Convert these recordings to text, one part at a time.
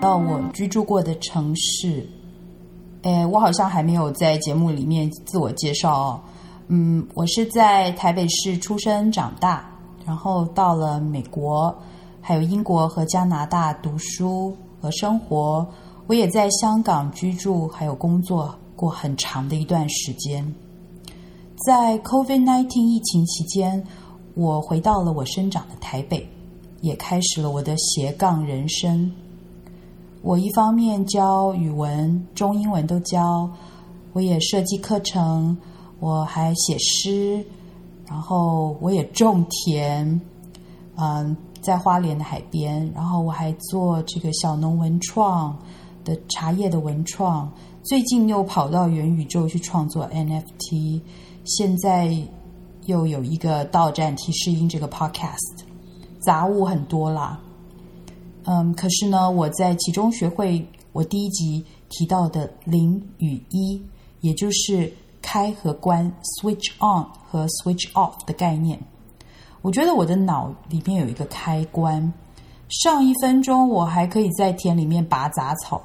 到我居住過的城市，哎，我好像還沒有在節目裡面自我介紹哦。嗯，我是在台北市出生長大，然後到了美國，還有英國和加拿大讀書和生活。我也在香港居住，還有工作過很長的一段時間。在 COVID-19 疫情期間，我回到了我生長的台北，也開始了我的斜槓人生。我一方面教語文，中英文都教，我也設計課程，我還寫詩，然後我也種田，嗯，在花蓮的海邊，然後我還做這個小農文創的茶葉的文創，最近又跑到元宇宙去創作 NFT，現在又有一個過站提示音這個 Podcast，雜物很多啦。嗯，可是呢，我在其中學會我第一集提到的零與一，也就是開和關 （switch on 和 switch off） 的概念。我覺得我的腦裡面有一個開關，上一分鐘我還可以在田裡面拔雜草，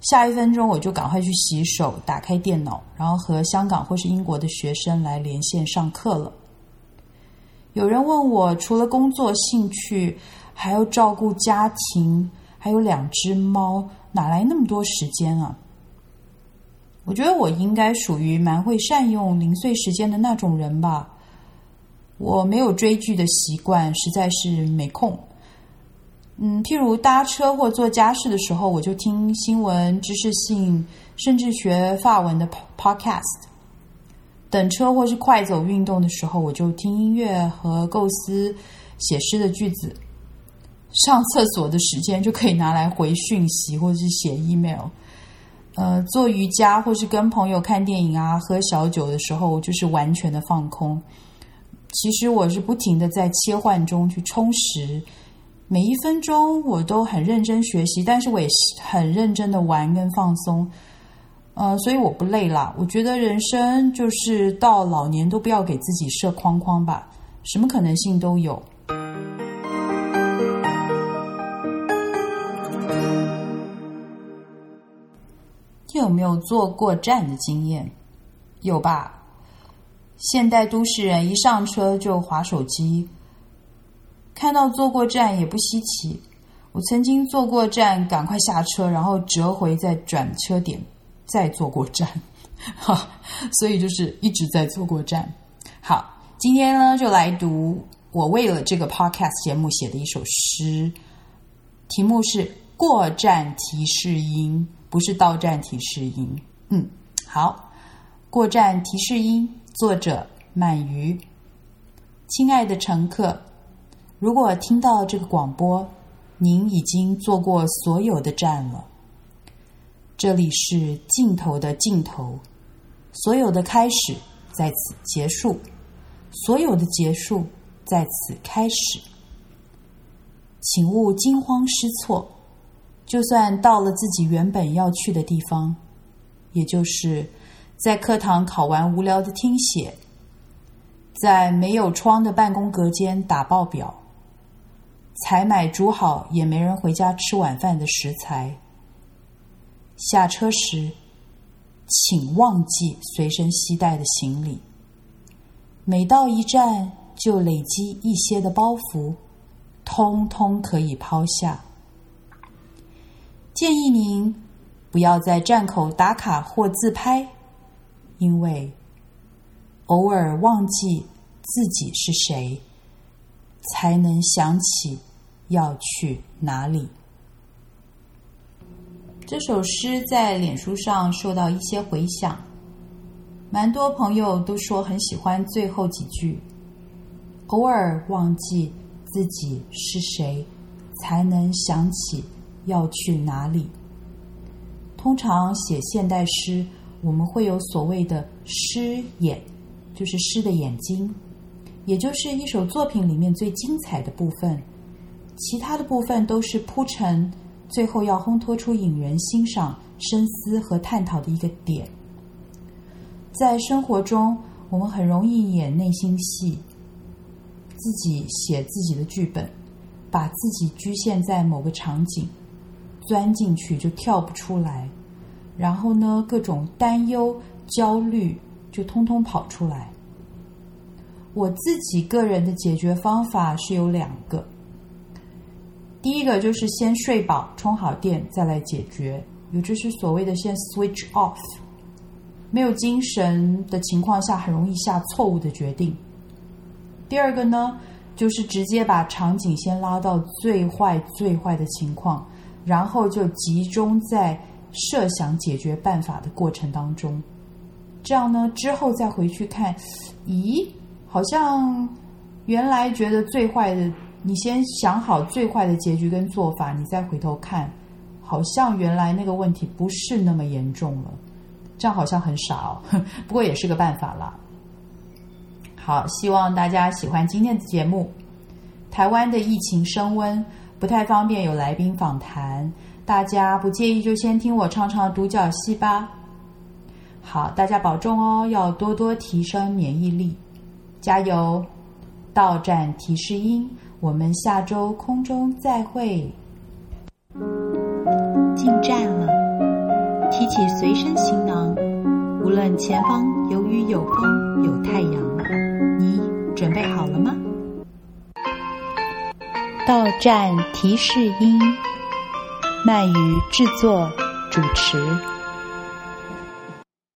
下一分鐘我就趕快去洗手，打開電腦，然後和香港或是英國的學生來連線上課了。有人問我，除了工作興趣，還要照顧家庭，還有兩隻貓，哪來那麼多時間啊？我覺得我應該屬於蠻會善用零碎時間的那種人吧。我沒有追劇的習慣，實在是沒空。嗯，譬如搭車或做家事的時候，我就聽新聞、知識性，甚至學法文的 podcast。等車或是快走運動的時候，我就聽音樂和構思寫詩的句子。上廁所的時間就可以拿來回訊息或者是寫 email，呃，做瑜伽或是跟朋友看電影啊，喝小酒的時候，我就是完全的放空。其實我是不停的在切換中去充實，每一分鐘我都很認真學習，但是我也很認真的玩跟放鬆。呃，所以我不累了。我覺得人生就是到老年都不要給自己設框框吧，什麼可能性都有。有沒有坐過站的經驗？有吧。現代都市人一上車就滑手機，看到坐過站也不稀奇。我曾經坐過站，趕快下車，然後折回再轉車點，再坐過站，哈，所以就是一直在坐過站。好，今天呢就來讀我為了這個 podcast 節目寫的一首詩，題目是《過站提示音》。不是到站提示音，嗯，好，過站提示音，作者漫漁。親愛的乘客，如果聽到這個廣播，您已經坐過所有的站了。這裡是盡頭的盡頭，所有的開始在此結束，所有的結束在此開始，請勿驚慌失措。就算到了自己原本要去的地方，也就是在課堂考完無聊的聽寫，在沒有窗的辦公隔間打報表，採買煮好也沒人回家吃晚飯的食材，下車時，請忘記隨身攜帶的行李。每到一站就累積一些的包袱，通通可以拋下。建議您不要在站口打卡或自拍，因為偶爾忘記自己是誰，才能想起要去哪裡。這首詩在臉書上受到一些回響，蠻多朋友都說很喜歡最後幾句：“偶爾忘記自己是誰，才能想起。”要去哪裡？通常寫現代詩，我們會有所謂的“詩眼”，就是詩的眼睛，也就是一首作品裡面最精彩的部分。其他的部分都是鋪陳，最後要烘托出引人欣賞、深思和探討的一個點。在生活中，我們很容易演內心戲，自己寫自己的劇本，把自己局限在某個場景。鑽進去就跳不出來，然後呢，各種擔憂、焦慮就通通跑出來。我自己個人的解決方法是有兩個，第一個就是先睡飽、充好電再來解決，也就是所謂的先 switch off。沒有精神的情況下，很容易下錯誤的決定。第二個呢，就是直接把場景先拉到最壞、最壞的情況。然後就集中在設想解決辦法的過程當中，這樣呢之後再回去看，咦，好像原來覺得最壞的，你先想好最壞的結局跟做法，你再回頭看，好像原來那個問題不是那麼嚴重了，這樣好像很傻、哦，不過也是個辦法了。好，希望大家喜歡今天的節目。台灣的疫情升溫。不太方便有來賓訪談，大家不介意就先聽我唱唱獨角戲吧。好，大家保重哦，要多多提升免疫力，加油！過站提示音，我們下周空中再會。進站了，提起隨身行囊，無論前方有雨有。到站提示音，漫漁製作主持。